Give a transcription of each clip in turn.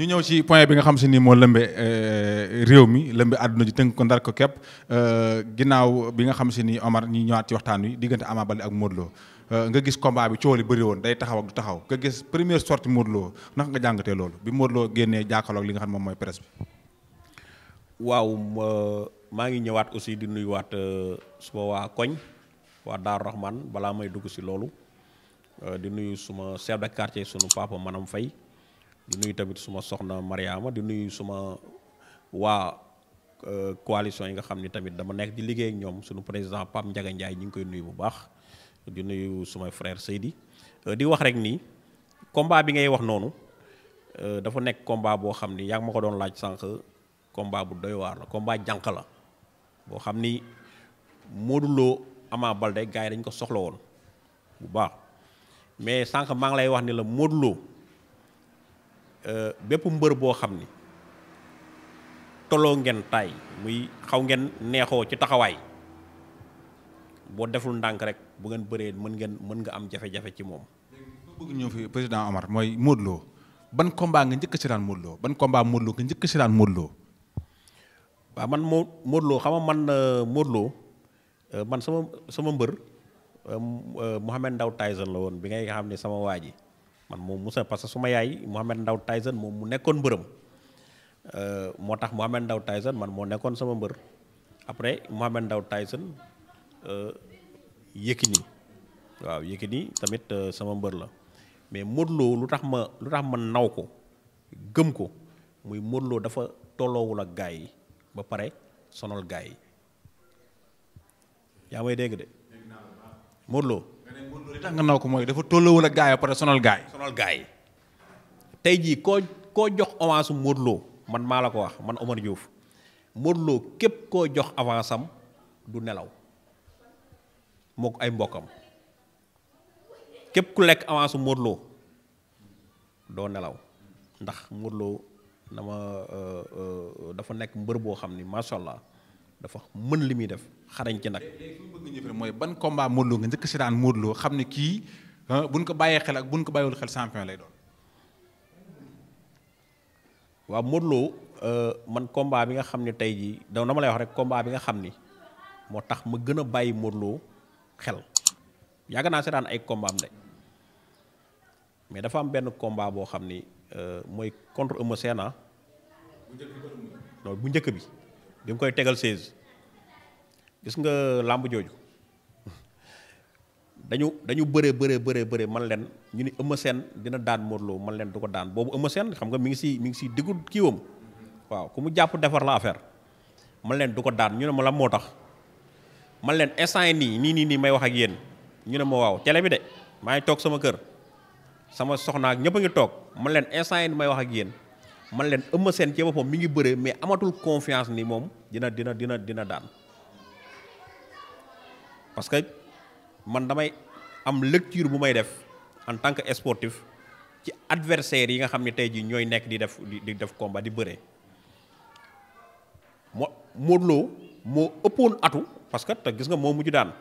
ñu ñëw ci point bi nga xam si ni moo lëmbe euh, réew mi lëmbe àdduna ji tënk ko ndar ko képp euh, ginnaaw bi nga xam si ni Omar ñu ñëwaat ci waxtaan wi diggante amaa bale ak Modou Lo euh, nga gis combat bi coow li bëri woon day taxaw ak du taxaw nga gis première sortie Modou ndax naka nga jàngatee loolu bi Modou Lo génnee jàkkaarloo ak li nga xam moom mooy presse bi. waaw maa ngi ñëwaat aussi di nuyuwaat suma waa koñ waa Daaru Rahman balaa may dugg si loolu di nuyu suma chef de quartier sunu papa manam fay. di nuyu tamit suma soxna Mariama di nuyu suma waa euh, coalition yi nga xam ni tamit dama nekk di liggéey ak ñoom suñu président Pape Ndiaga Ndiaye ñu ngi koy nuyu bu baax di nuyu suma frère saydi euh, di wax rek nii combat bi ngay wax noonu euh, dafa nekk combat boo xam ni yaa ngi ma ko doon laaj sanq komba bu doy waar la combat jànq la boo xam ni Modou Lo Ama Baldé gars yi dañ ko soxla woon bu baax mais sànq maa ngi lay wax ni la Modou Euh, bépp mbër boo xam ni toloo ngeen taay muy xaw ngeen neexoo ci taxawaay boo deful ndànk rek bu ngeen bëree mën ngeen mën nga am jafe-jafe ci moom. bëgg fi président Omar mooy móotloo ban combat nga njëkk si daan Modou ban combat Modou Lo nga njëkk si daan waa man moo Modou xam a man euh, Modou euh, man sama sama mbër Mouhamed Ndaw Tyson la woon bi ngay xam ne sama waa ji man moom Moussa parce que suma yaay Mohamed Ndaw Tyson moom mu nekkoon mbërëm euh, moo tax Mohamed Ndaw Tyson man moo nekkoon sama mbër après Mohamed Ndaw Tyson euh, Yékini waaw Yékini tamit euh, sama mbër la mais Modou lu tax ma lu tax ma naw ko gëm ko muy Modou dafa tolloowul ak gaay yi ba pare sonal gaay yi yaa may dégg de Modou ne Modou Lo tax nga naw ko mooy dafa tolloowul ak gaay yi pare sonal gaay sonal gaay tey jii koo koo jox avance Modou Lo man maa la ko wax man Omar Diouf Modou Lo képp koo jox avance am du nelaw mook ko ay mbokkam képp ku lekk avance Modou Lo doo nelaw ndax Modou Lo dama euh, euh, dafa nekk mbër boo xam ni macha allah. dafa mën li muy def xarañ ci nag. mooy ban combat Modou Lo nga njëkk si daan Modou xam ne kii ah, buñ ko bàyyee xel ak bu buñ ko bàyyiwul xel champion lay doon. waaw Modou Lo euh, man combat bi nga xam ne tey jii donc dama lay wax rek combat bi nga xam ni moo tax ma gën a bàyyi Modou xel yàgg naa si ay combat am de mais dafa am benn combat boo xam ni euh, mooy contre Eumeu Sène ah. non bu njëkk bi. bi mu koy tegal 16 gis nga làmb jooju dañu dañu bëree bëree bëree bëree man leen ñu ni Eumeu seen dina daan Modou Lo man leen du ko daan boobu Eumeu seen xam nga mi ngi si mi ngi si diggu kiiwam waaw ku mu jàpp defar la affaire man leen du ko daan ñu ne ma la moo tax man leen instant yi nii nii nii nii may wax ak yéen ñu ne ma waaw télé bi de maa ngi toog sama kër sama soxnaak ñëpp a ngi toog man leen instant yi nii may wax ak yéen man leen Eumeu seen ci boppam mu ngi bëree mais amatul confiance ni moom dina dina dina dina daan parce que man damay am lecture bu may def en tant que sportif ci adversaire yi nga xam ne tey jii ñooy nekk di def di def combat di bëree moo Modou Lo moo ëppoon atu parce que te gis nga moo mujj daan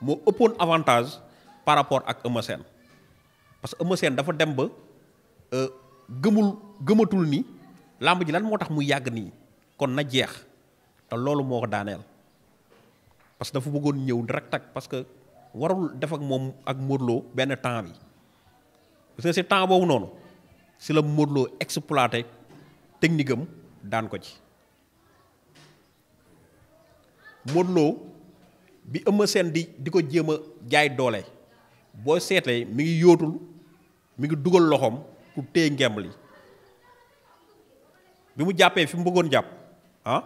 moo ëppoon avantage par rapport ak Eumeu Sène parce que Eumeu dafa dem ba. Euh, gëmul gëmatul ni làmb ji lan moo tax muy yàgg nii kon na jeex te loolu moo ko daaneel parce que dafa bëggoon ñëw direct ak parce que warul def ak moom ak Modou benn temps bi parce que si temps boobu noonu si la Modou exploite exploité technique am daan ko ci Modou bi Eumeu seen di di ko jéem a jaay doole boo seetee mi ngi yootul mi ngi dugal loxoom. ku téye ngemb bi mu jàppee fi mu bëggoon jàpp ah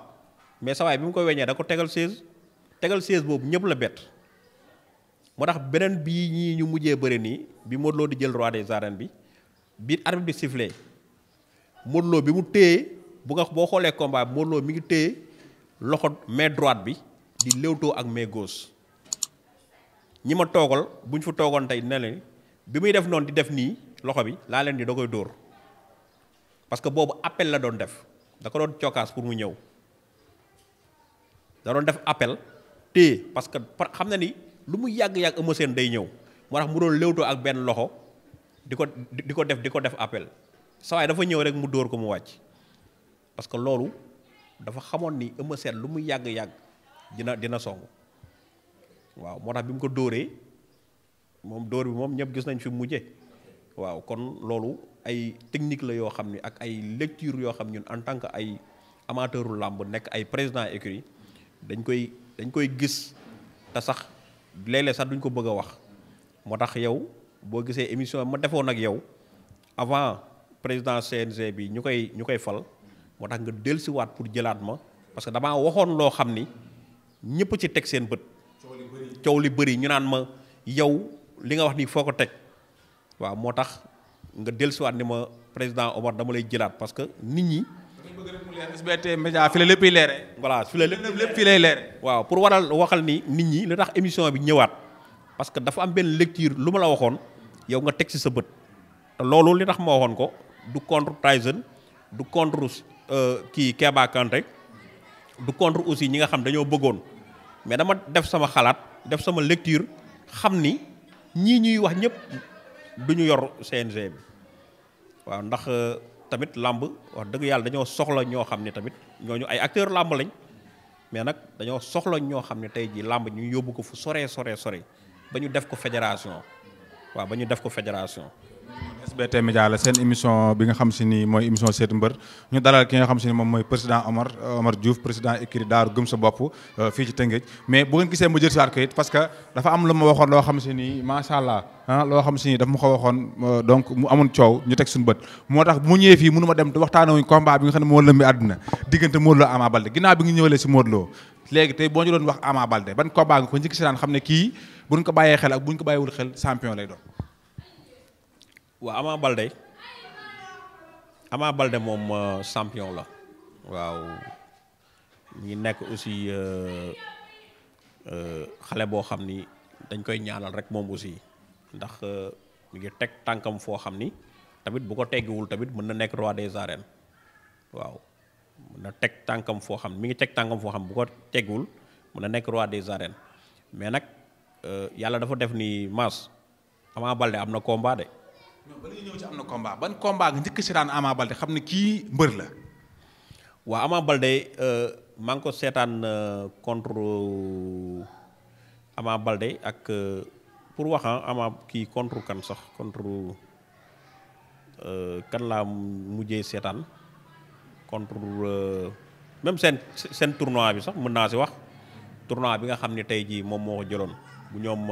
mais sa waay bi mu ko weññee da ko tegal 16 tegal 16 boobu ñëpp la bett moo tax beneen bii ñii ñu mujjee bari nii bi Modou Lo di jël roi des bi bi arbitre bi sifflé Modou Lo bi mu téye bu nga boo xoolee combat bi Modou Lo mi ngi téye loxo main droite bi di léwtoo ak mais gos ñi ma toogal bu ñu fa toogoon tey ne leen bi muy def noonu di def nii. loxo bi laa leen di da koy dóor parce que boobu appel la doon def da ko doon cokkaas pour mu ñëw da doon def appel téye parce que xam na ni lu mu yàgg-yàgg Eumeu seen day ñëw moo tax mu doon léwtoo ak benn loxo di ko di ko def di ko def appel sawaay dafa ñëw rek mu dóor ko mu wàcc parce que loolu dafa xamoon ni Eumeu Sène lu mu yàgg-yàgg dina dina song waaw moo tax bi mu ko dóoree moom dóor bi moom ñëpp gis nañ fi mu mujje waaw kon loolu ay technique la yoo xam ni ak ay lecture yoo xam ñun en tant que ay amateuru làmb nekk ay président écurie dañ koy dañ koy gis te sax léeg sax duñ ko bëgg a wax moo tax yow boo gisee émission ma defoon ak yow avant président CNG bi ñu koy ñu koy fal moo tax nga dellusiwaat pour jëlaat ma parce que damaa waxoon loo xam ni ñëpp ci teg seen bët. coow li bëri ñu naan ma yow li nga wax ni foo ko teg. waaw moo tax nga dellusiwaat ni ma président Omar dama lay jëlaat parce que nit ñi. SBT Média lépp leeree. voilà fi la lépp lay leeree. waaw pour waral waxal ni nit ñi li tax émission bi ñëwaat parce que dafa am benn lecture lu ma la waxoon yow nga teg ci sa bët te loolu li tax ma waxoon ko du contre Tyson du contre euh, kii Keba Kanté du contre aussi ñi nga xam dañoo bëggoon mais dama def sama xalaat def sama lecture xam ni ñii ñuy wax ñëpp. du ñu yor CNG bi waaw ndax euh, tamit làmb wax dëgg yàlla dañoo soxla ñoo xam ne tamit ñoo ñu ay acteur làmb lañ mais nag dañoo soxla ñoo xam ne tey jii làmb ñu yóbbu ko fu sore sore sore ba ñu def ko fédération waaw ba ñu def ko fédération SBT Média la seen émission bi nga xam si ni mooy émission seetu mbër ñu dalal ki nga xam si ni moom mooy président Omar euh, Omar Diouf président écurie Daaru Gëm Sa Bopp euh, fii ci Tëngéej mais boo ngeen gisee ma que dafa am lu ma waxoon loo xam si ni macha allah ah, loo xam si ni dafa ma ko waxoon euh, donc mu amoon coow ñu teg suñu bët moo tax mu ñëwee fii mënu ma dem waxtaanewuñ combat bi nga xam ne moo lëmbi àdduna diggante Modou Lo Ama Baldé ginnaaw bi nga ñëwalee si Modou Lo tey boo ñu wax Ama Baldé ban combat nga ne kii buñ ko bàyyee xel ak buñ ko bàyyiwul xel champion lay waa Ama Baldé Ama balde moom euh, champion la waaw mu ngi nekk aussi euh, euh, xale boo xam ni dañ koy ñaanal rek moom aussi ndax mi ngi teg tànkam foo xam ni tamit bu ko teggiwul tamit mën na nekk roi des arènes waaw mën na teg tànkam foo xam mi ngi teg tànkam foo xam bu ko teggiwul mun na nekk roi des arènes mais nag yàlla dafa def ni maas Ama Baldé am na combat de non ñëw ci am na combat ban combat nga njëkk si daan Ama Baldé xam ne kii mbër la. waaw Ama Baldé euh, maa ko seetaan euh, contre euh, Ama Baldé ak pour wax Ama kii contre kan sax contre kan laa mujjee seetaan contre même seen seen tournoi bi sax mën naa si wax tournoi bi nga xam ne tey jii moom moo ko jëloon bu ñoom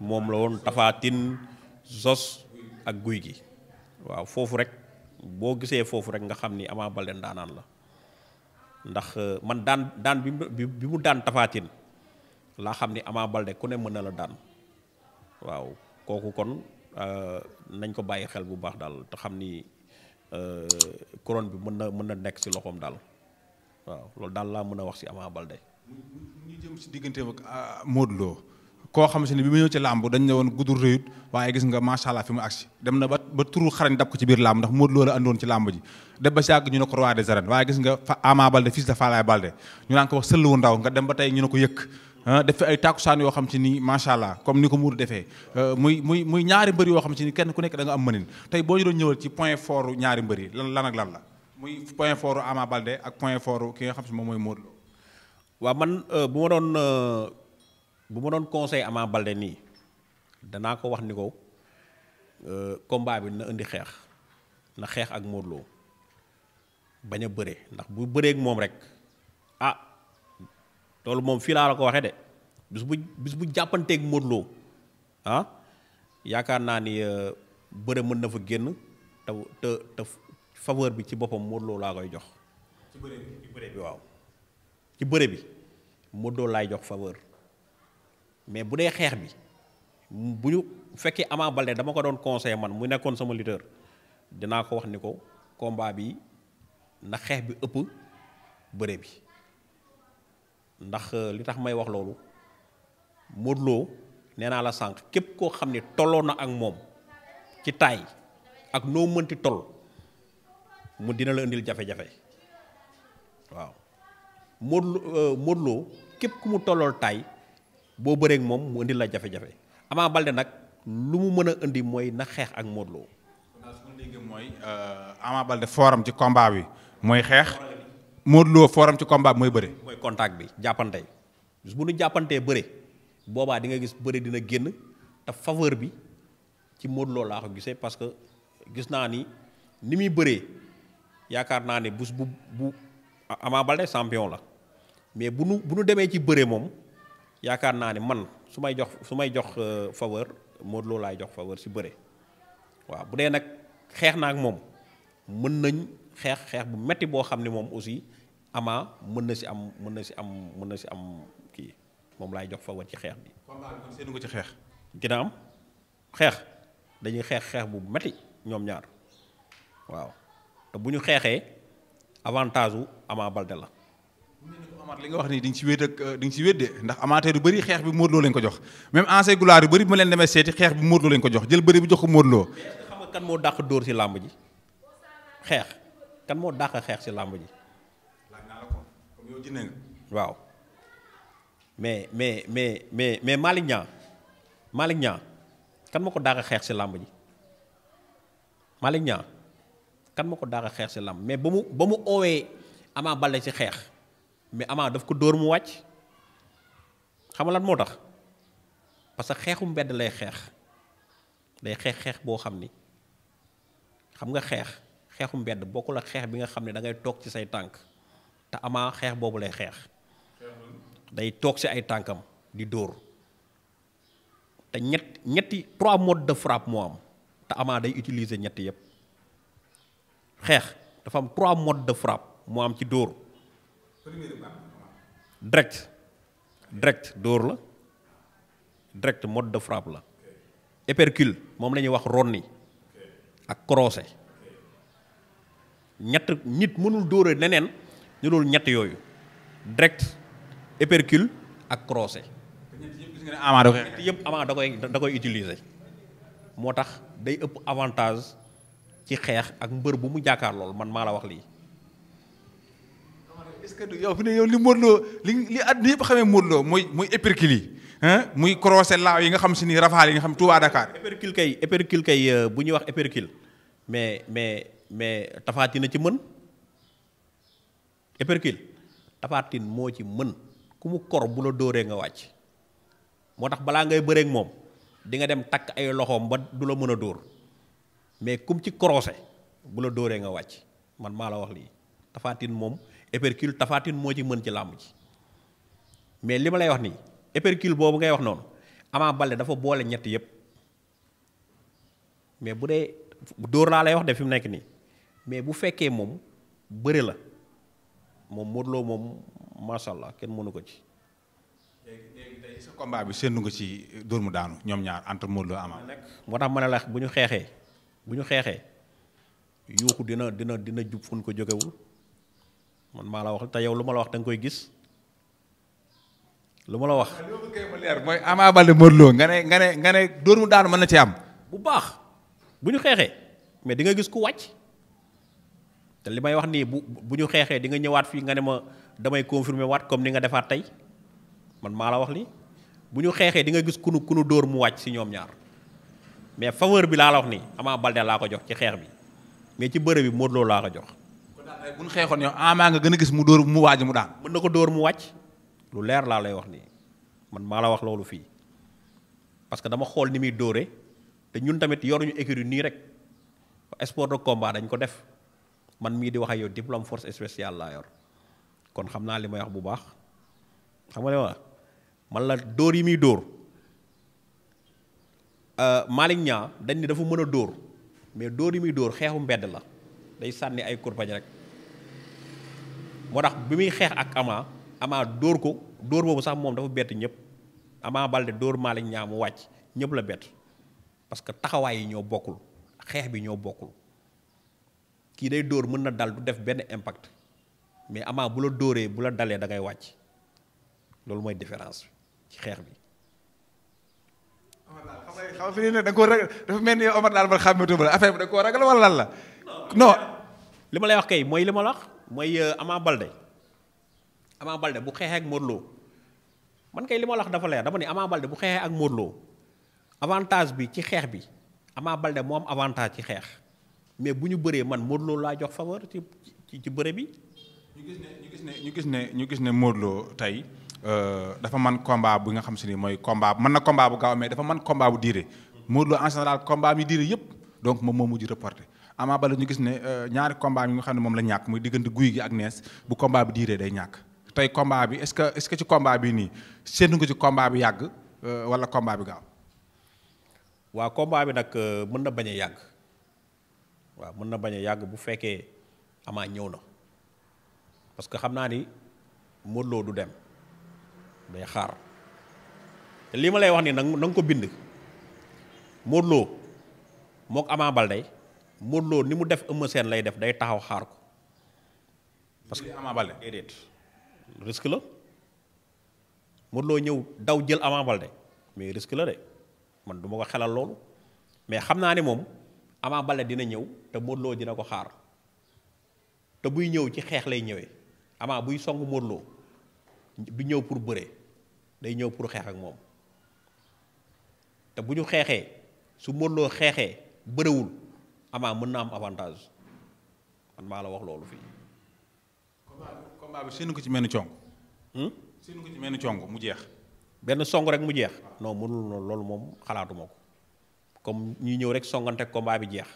moom la woon Tapha Tine ak guy gi waaw foofu rek boo gisee foofu rek nga xam ni Ama Baldé ndaanaan la ndax euh, man daan daan bi mu daan tafaatin laa xam ni Ama Baldé ku ne mën na la daan waaw kooku kon euh, nañ ko bàyyi xel bu baax daal te xam ni euh, couronne bi mën na mën na nekk si loxoom daal waaw loolu daal laa mën a wax ci Ama Baldé. ñu jëm si digganteem ak Modou Lo koo xam si ne bi mu ñëw ci làmb dañ ne woon guddul waaye gis nga macha allah fi mu agsi dem na ba ba xarañ dab ko ci biir làmb ndax Modou la andoon ci làmb ji dem ba si yàgg ñu ne ko roi des arènes waaye gis nga fa Ama Baldé de Falaye Baldé ñu naan ko wax sëllu ndaw nga dem ba tey ñu ne ko yëkk ah, def fi ay tàkkusaan yoo xam ci ni macha allah comme ni ko Modou defee ah, muy muy ñaari mbër yoo xam ci ni kenn ku nekk da am mënin tey boo ñu bu ma doon conseil Ama Baldé nii danaa ko wax ni ko euh, combat bi na indi xeex na xeex ak Modou bañ a bëre ndax bu bëreek moom rek ah toolu moom fii laa la ko waxee de bis bu bis bu jàppanteek Modou Lo ah yaakaar naa ni euh, bëre mën na fa génn te te te faveur bi ci boppam Modou laa koy jox. ci bëre bi waaw laay jox faveur. mais bu dee xeex bi bu ñu fekkee Ama Baldé dama ko doon conseillé man mu nekkoon sama lutteur dinaa ko wax ni ko kombaa bi ndax xeex bi ëpp bëre bi ndax euh, li tax may wax loolu Modou Lo nee naa la sànq képp koo xam ne tolloo na ak moom ci taay ak noo mënti toll mu dina la indil jafe-jafe waaw Modou euh, Modou képp ku mu tollool taay boo bëree moom mu indi la jafe-jafe Ama Baldé nag lu mu mën a indi mooy nax xeex ak Modou Lo. ndax ah, su ma déggee mooy euh, forum ci combat bi mooy xeex Modou forum ci combat bi mooy bëre. mooy contact bi jàppante bu nu jàppantee boobaa di nga gis bëre dina génn te faveur bi ci Modou Lo laa ko gisee parce que gis naa ni ni muy bëree yaakaar naa ne bus bu bu Ama Baldé champion la mais bu nu bu nu demee ci bëre moom. yaakaar naa ne man su may jox su may jox euh, faveur Modou Lo laay jox faveur ci bëre waaw bu dee nag xeex naa ak moom mën nañ xeex xeex bu metti boo xam ne moom aussi ama mën na si am mën na si am mën na si am kii moom laay jox faveur ci xeex bi. seenu ko ci xeex. dina am xeex dañuy xeex xeex bu metti ñoom ñaar waaw te bu ñu xeexee avantage wu Ama Baldé la. Omar li nga wax nii di nga ci wéet ak euh, di nga ci wéet de ndax amateur yu bëri xeex bi Modou lañ ko jox même ancien gloire yu bëri bi ma leen demee seeti xeex bi Modou lañ ko jox jël bëri bi jox ko Modou kan moo dàq dóor ci làmb xeex kan moo dàq xeex ci làmb ji waaw mais mais mais mais mais Malick Niang Malick Niang kan ma ko daax a xeex ci làmb ji Malick Niang ma ko daax xeex ci làmb mais ba mu ba mu oowee Ama Baldé ci xeex mais Ama daf ko dóor mu wàcc xam lan moo tax parce que xeexu mbedd lay xeex day xeex xeex boo xam ni xam nga xeex xeexu mbedd bokkul ak xeex bi nga xam ne da ngay toog ci say tànk te Ama xeex boobu lay xeex. day toog ci ay tànkam di dóor te ñett ñetti trois modes de frappe moo am te Ama day utiliser ñetti yépp xeex dafa am trois modes de frappe moo am ci dóor. direct direct dóor la direct mode de frappe la épercule moom la ñuy wax ronni ak crossé ñett nit mënul dóore neneen ñu dul ñett yooyu direct épercule ak crossé. ñett yëpp Ama da koy da koy utiliser moo tax day ëpp avantage ci xeex ak mbër bu mu jàkkaar lool man maa la wax lii. est-ce que yow fi ne yow li Modou Lo li li at yëpp xamee Modou Lo mooy mooy épercule yi muy croisé laaw yi nga xam si ni rafaal yi nga xam Touba Dakar. épercule kay épercule kay euh, bu ñuy wax épercule mais mais mais tafaati na ci mën épercule tafaatin moo ci mën ku mu kor bu la dóoree nga wàcc moo tax balaa ngay bëreek moom di nga dem takk ay loxoom ba du la mën a dóor mais kum ci korose bu la dóoree nga wàcc man maa la wax lii tafaatin moom. épercule tafaatin moo ci mën ci làmb ji mais li ma lay wax nii épercule boobu ngay wax noonu Ama bale dafa boole ñett yëpp mais bu dee dóor laa lay wax de fi mu nekk nii mais bu fekkee moom bëre la moom Modou Lo moom macha allah kenn mënu ko ci. léegi sa combat bi séenu nga ci dóor mu daanu ñoom ñaar entre Lo Ama. moo tax ma ne la bu ñu xeexee bu ñu xeexee yuuxu dina dina dina jub fu ko jógewul man maa la wax te yow lu ma la wax danga koy gis lu ma la wax. mooy Ama Baldé Modou Lô nga ne nga ne nga ne dóor mu daanu mën na ci am. bu baax bu ñu xeexee mais di nga gis ku wàcc te li may wax nii bu bu ñu xeexee di nga ñëwaat fii nga ne ma damay confirmer waat comme ni nga defaat tey man maa la wax li bu ñu xeexee di nga gis ku nu ku dóor mu wàcc si ñoom ñaar mais faveur bi laa la wax nii Ama Baldé laa ko jox ci xeex bi mais ci bëre yi Modou Lô laa ko jox. bu ñu xeexoon yow ama nga gën a gis mu dóor mu waaj mu daan. mën na ko dóor mu wàcc lu leer laa lay wax nii man maa la wax loolu fii parce que dama xool ni muy dóore te ñun tamit yoruñu écurie nii rek sport de combat dañ ko def man mii di wax ak yow diplôme force spéciale laa yor kon xam naa li may wax bu baax xam nga ne wax man la dóor yi muy dóor euh, Malick Niang dañ ni dafa mën a dóor mais dóor yi muy dóor xeexu mbedd la day sànni ay kurpañ rek. moo tax bi muy xeex ak Ama Ama dóor ko dóor boobu sax moom dafa bett ñëpp Ama Baldé dóor Malick Niang mu wàcc ñëpp la bett parce que taxawaay yi ñoo bokkul xeex bi ñoo bokkul kii day dóor mën na dal du def benn impact mais Ama bu la dóoree bu la dalee da ngay wàcc loolu mooy différence ci xeex bi. xam nga koo ragal dafa mel ni Omar daal man xàmmeetu ma la affaire bi da nga li ma lay wax kay mooy li ma la wax. mooy euh, Ama Balde Ama Balde bu xeexee ak Modou man kay li ma la dafa leer dama ne Ama Balde bu xeexee ak Modou avantage bi ci xeex bi Ama Balde moom am avantage ci xeex mais bu ñu bëree man mootloo laa jox faveur ci ci ci bi. gis ne ñu gis ne ñu gis ne Modou Lo tey euh, dafa man combat bu nga xam si ni mooy combat mën na combat bu gaaw mais dafa man combat bu diire Modou Lo en général combat mi diire yëpp donc moom moo mujj reporté. Ama Baldé ñu gis ne euh, ñaari combat yi nga xam ne moom la ñàkk muy diggante guy gi ak nees bu combat bi diiree day ñàkk tey combat bi est-ce que est-ce que ci combat bi nii séntu nga ci combat bi yàgg euh, wala combat bi gaaw. waa combat bi nag euh, mën na bañ a yàgg waaw mën na bañ a yàgg bu fekkee Ama ñëw na parce que xam naa ni Modou du dem day xaar te lii ma lay wax nii na nga ko bind Modou Lo mook Ama Baldé mootloo ni mu def Eumeu Sène lay def day taxaw xaar ko parce que Ama Baldé déedéet risque la Modou ñëw daw jël Ama Baldé mais risque la de man du ma ko xelal loolu mais xam naa ne moom Ama Baldé dina ñëw te Modou dina ko xaar te buy ñëw ci xeex lay ñëwee Ama buy song Modou du ñëw pour bëre day ñëw pour xeex ak moom te bu ñu xeexee su Modou Lo xeexee bërewul amaa mën naa am avantage man maa la wax loolu fii. combat bi séenu ko ci mel ni cong. Hmm? séenu ko ci mel ni cong mu jeex. benn song rek mu jeex. noo mënul loolu moom xalaatuma ko comme ñuy ñëw rek songante combat bi jeex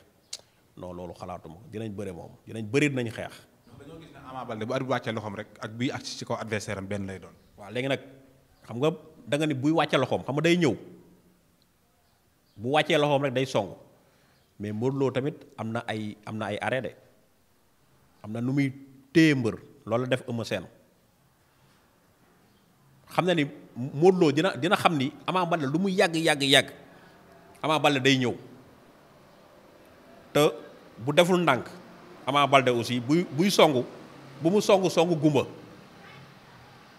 noo loolu xalaatuma ko dinañ bëre moom dinañ bëri dinañ xeex. dañoo gis ne Ama bu at wàccee loxoom rek ak bii ak si ko adversaire am benn lay doon. waaw léegi nag xam nga danga nga ni buy wàccee loxoom xam nga day ñëw bu wàccee loxoom rek day song. mais Modou Lo tamit am na ay am na ay arrêt am na nu muy téye mbër loolu def Eumeu Sène xam na ni Modou Lo dina dina xam ni Ama Baldé lu mu yàgg yàgg yàgg Ama Baldé day ñëw te bu deful ndànk Ama balde aussi buy buy songu bu mu songu songu gumba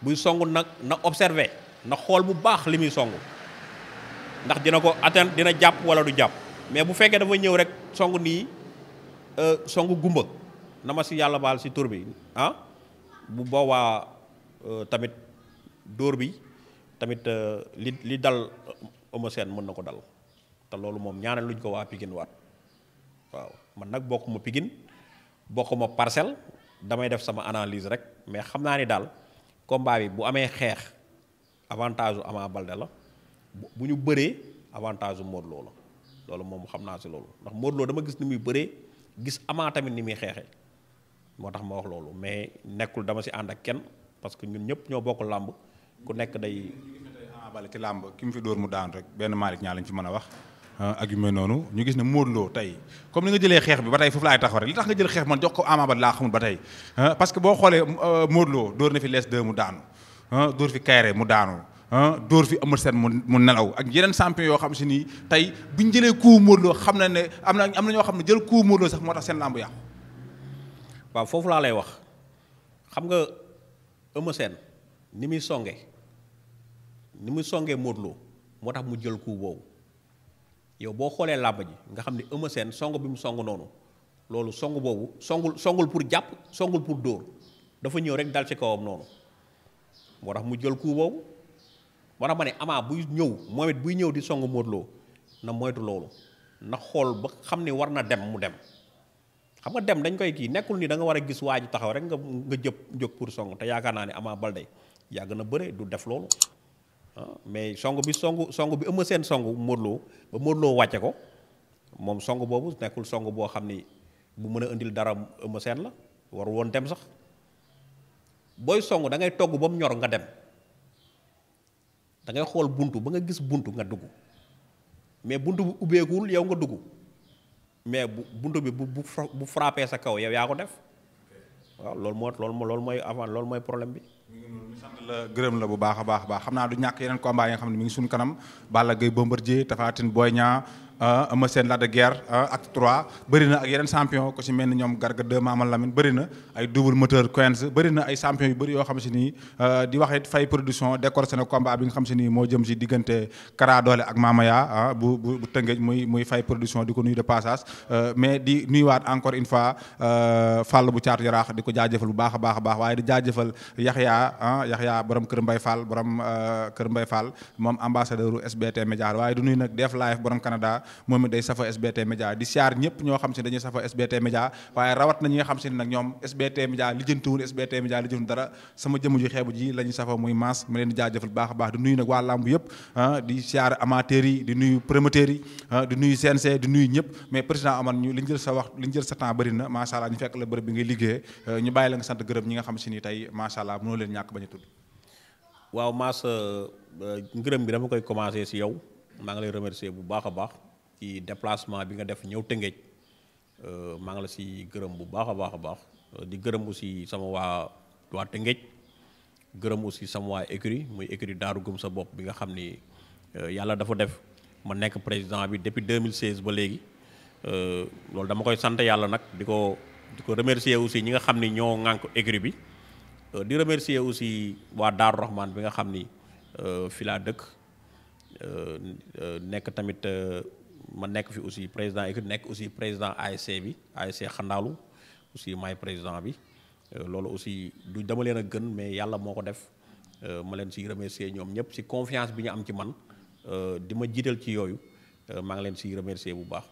buy songu nag na observer na xool bu baax li muy songu ndax dina ko atteindre dina jàpp wala du jàpp. mais bu fekkee dafa ñëw rek song nii euh, song gumba na ma si yàlla baal si tur bi ah bu boobaa euh, tamit dóor bi tamit euh, li li dal Eumeu Sène mën na ko dal te loolu moom ñaanal luñ ko waa Pikine waat waaw man nag bokkuma ma Pikine bokk ma parcelle damay def sama analyse rek mais xam naa ni daal combat bi bu amee xeex avantage u Ama Baldé la bu ñu bëree avantage u Modou loolu moom xam naa si loolu ndax Modou dama gis ni muy bëree gis amaa tamit ni muy xeexee moo tax ma wax loolu mais nekkul dama ci ànd ak kenn parce que ñun ñëpp ñoo bokk làmb ku nekk day. bale ci làmb ki mu fi dóor mu daan rek benn Malick ñaa lañ ci mën a wax ah, ak yu mel noonu ñu gis ne Modou Lo tey comme ni nga jëlee xeex bi ba tey foofu laay taxaw rek li tax nga jël xeex man jox ko Ama Baldé laa xamul ba tey ah, parce que boo xoolee euh, Modou Lo dóor na fi lees deux mu daanu ah, dóor fi kayre mu daanu Ah, dóor fi Eumeu seen mu mu nelaw ak yeneen champion yoo xam si nii tey bu ñu jëlee coup Modou Lô xam na ne am na am na ñoo xam ne jël coup Modou sax moo tax seen làmb yàqu. waaw foofu laa lay wax xam nga Eumeu Sène ni muy songe ni muy songee Modou moo tax mu jël coup boobu yow boo xoolee làmb ji nga xam ne Eumeu Sène song bi mu song noonu loolu song boobu songul songul pour jàpp songul pour dóor dafa ñëw rek dal ci kawam noonu moo tax mu jël coup boobu. moo tax ma ne Ama buy ñëw moom buy ñëw di song Modou na moytu loolu na xool ba xam ne war na dem mu dem xam nga dem dañ koy kii nekkul nii da nga war a gis waa ji taxaw rek nga nga jëpp jóg pour song te yaakaar naa ne Ama Baldé yàgg na bëre du def loolu ah, mais song bi song song bi ëmma seen songu Modou Lo ba Modou wàcce ko moom song boobu nekkul song boo xam ni bu mën a indil dara ëmma seen la war woon dem sax booy song da ngay togg ba mu ñor nga dem dangay xool buntu ba nga gis buntu nga dugg mais buntu bu ubbeekuwul yow nga dugg mais bu buntu bi bu bu bu frappé sa kaw yaw yaa ko def waaw loolu moo loolu loolu mooy avant lool mooy problème bi. ñu sant la gërëm la bu baax a baax a baax xam naa du ñàkk yeneen combat yi nga xam ne mi ngi suñu kanam Balla Gaye Bombardier Tapha Tine Boy Niang Ah, Eumeu Sène la de Guiers ah, acte 3 bëri na ak yeneen champion ko ci mel ni ñoom Garga 2 Mama Lamine bëri na ay double moteur Quench bëri na ay champion yu bëri yoo xam si nii ah, di wax fay Faye production décor seen combat bi nga xam si nii moo jëm si diggante Kara Doole ak Mama Yaa bu bu tëngeej muy muy Faye production di ko nuy de passage mais di nuyuwaat encore une fois Fall bu caatu yaraax di ko jaajëfal bu baax a baax a baax waaye di jaajëfal Yaxya ah Yaxya borom Kër Mbay Fall borom Kër Mbay Fall moom ambassadeur SBT Média waaye du nuyu nag Def Live borom moom it day safa SBT Média di siyaar ñëpp ñoo xam si dañuy safa SBT Média waaye rawat na ñi nga xam si ne nag ñoom SBT Média lijjantiwul SBT Média lijjantiwul dara sama jëmm ju xeebu ji la ñuy safa muy maas ma leen di jaajëfal baax a baax di nuyu nag waa làmb yëpp ah, di siyaar amateurs yi di nuyu promoteurs yi ah, di nuyu CNC di nuyu ñëpp mais président aman ñu li ñu jël sa wax li ñu jël sa temps bëri na macha allah ñu fekk la bërëb bi ngay liggéey ah, ñu bàyyi la nga sant gërëm ñi nga xam si ni tey macha allah mënoo leen ñàkk bañ a waaw maas euh, euh, ngërëm bi dama koy commencer ci yow maa ngi lay remercier bu baax a baax ci déplacement bi nga def ñëw Tëngéej euh, maa ngi la si gërëm bu baax a baax a baax euh, di gërëm aussi sama waa waa Tëngéej gërëm aussi sama waa écurie muy écurie Daaru Gëm sa bopp bi nga xam ni euh, yàlla dafa def ma nekk président bi depuis 2016 ba léegi loolu dama koy sant yàlla nag di ko di ko remercier aussi ñi nga xam ni ñoo ŋànk écurie bi di remercier aussi waa Daaru Rahman bi nga xam ni fi laa dëkk nekk tamit ma nekk fi aussi président équipe nekk aussi président ASC bi ASC xandaalu aussi maay président bi euh, loolu aussi du dama leen a gën mais yàlla moo ko def euh, ma leen siy remercier ñoom ñëpp ci confiance bi ñu am ci man euh, di ma jiital ci yooyu maa ngi leen siy remercier bu baax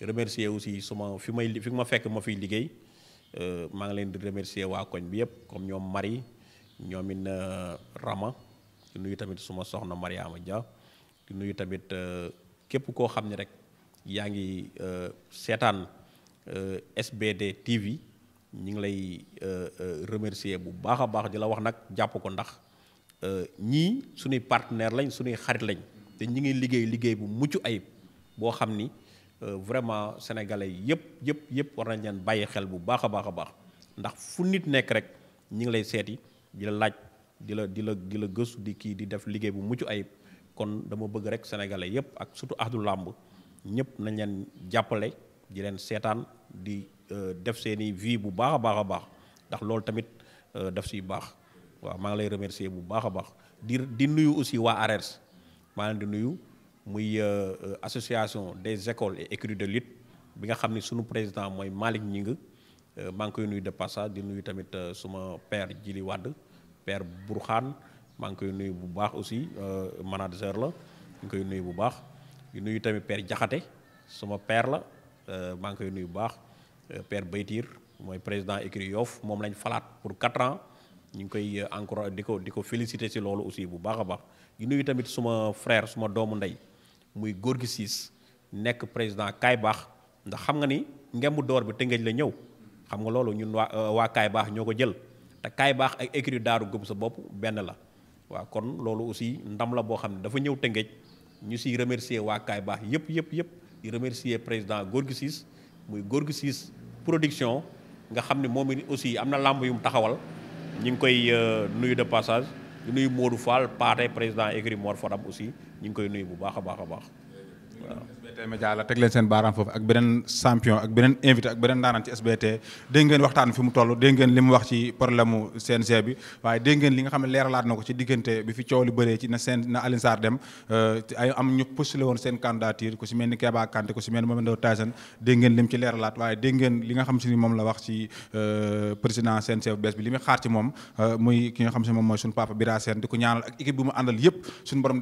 remercier aussi suma fi may fi ma fekk ma fiy liggéey maa ngi leen di remercier waa koñ bi yëpp comme ñoom Marie ñoom it Rama nuyu tamit suma soxna Mariama Dia di nuyu tamit képp koo xam ne rek. yaa ngi euh, seetaan euh, sbd TV ñi ngi lay euh, remercier bu baax a baax di la wax nag jàpp ko ndax ñii suñuy partenaire lañ suñuy xarit lañ te ñi ngi liggéey liggéey bu mucc ayib boo xam ni vraiment sénégalais yëpp yëpp yëpp war nañ leen bàyyi xel bu baax a baax a baax ndax fu nit nekk rek ñi ngi lay seeti di la laaj di la di la di la gëstu di kii di def liggéey bu mucc ayib kon dama bëgg rek sénégalais yëpp ak surtout ahlu làmb ñëpp nañ leen jàppale ji leen seetaan di euh, def seen i vie bu baax a baax a baax ndax loolu tamit euh, daf siy baax waaw maa ngi lay remercier bu baax a baax di di nuyu aussi waa ARERS maa leen di nuyu muy euh, association des écoles et écuries de lutte bi nga xam ne sunu président mooy Malick Ngingue maa ngi koy nuyu de passage di nuyu tamit suma père Djili Wade père Bourkhane maa ngi koy nuyu bu baax aussi manager la ñu koy nuyu bu baax. di nuyu tamit per Jaxate suma per la euh, maa ngi koy nuyu bu baax euh, per Baytir mooy président écurie Yoff moom lañ falaat pour quatre ans ñu ngi koy euh, encore di ko di ko féliciter ci loolu aussi bu baax a baax di nuyu tamit suma frair suma doomu ndey muy góor gi siis nekk président kaay baax ndax xam nga ni ngemb door bi tëngëj la ñëw xam nga loolu ñun waa waa kaay baax ñoo ko jël te kaay baax ak écurie daaru gëm sa bopp benn la waaw kon loolu aussi ndam la boo xam ne dafa ñëw tëngëj ñu si remercier waa Baax yëpp yëpp yëpp di remercier président Gorgui Ciss muy Gorgui production nga xam ne moom aussi am na làmb yu mu taxawal ñu ngi koy euh, nuyu de passage nuyu Modou Fall paate président écurie Mor Fadam aussi ñu ngi koy nuyu bu baax a baax a baax waaw SBT Média la teg leen seen baaraam foofu ak beneen champion ak beneen invité ak beneen ndaanaan ci SBT dégg waxtaan fi mu toll dégg ngeen wax ci problème seen na euh, waaye dégg li nga xam si moom la wax ci euh, président CNG bu bees bi li xaar ci moom euh, muy ki nga xam si moom mooy suñu papa Bira Sène di ko ñaanal ak équipe bi mu àndal yëpp suñu borom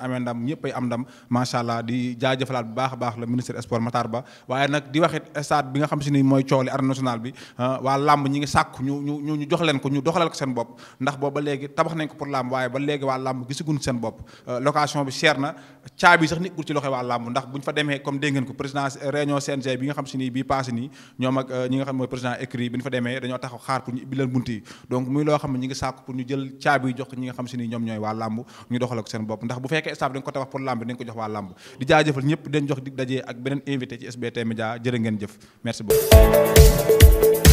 amee ndam ñëpp ay am ndam macha allah di jaajëfalaat bu baax a baax le ministre sport Matar Ba waaye nag di waxit stade bi nga xam si ni mooy cooli arène nationale bi ah, waa làmb ñi ngi sàkk ko ñu doxalal ko seen bopp ndax boobu ba léegi tabax nañ ko pour làmb waaye ba léegi waa làmb gisaguñ seen bopp ñu jël caabi jox ñi nga xam si ni ñoom ñooy waa làmb ñu doxalal ko seen bopp ndax bu fekkee stade dañ ko waa pour lamb dinañ ko jox waa lamb di jaajëfal ñëpp den jox dig dajee ak beneen invité ci SBT Média jërë ngeen jëf merci beaucoup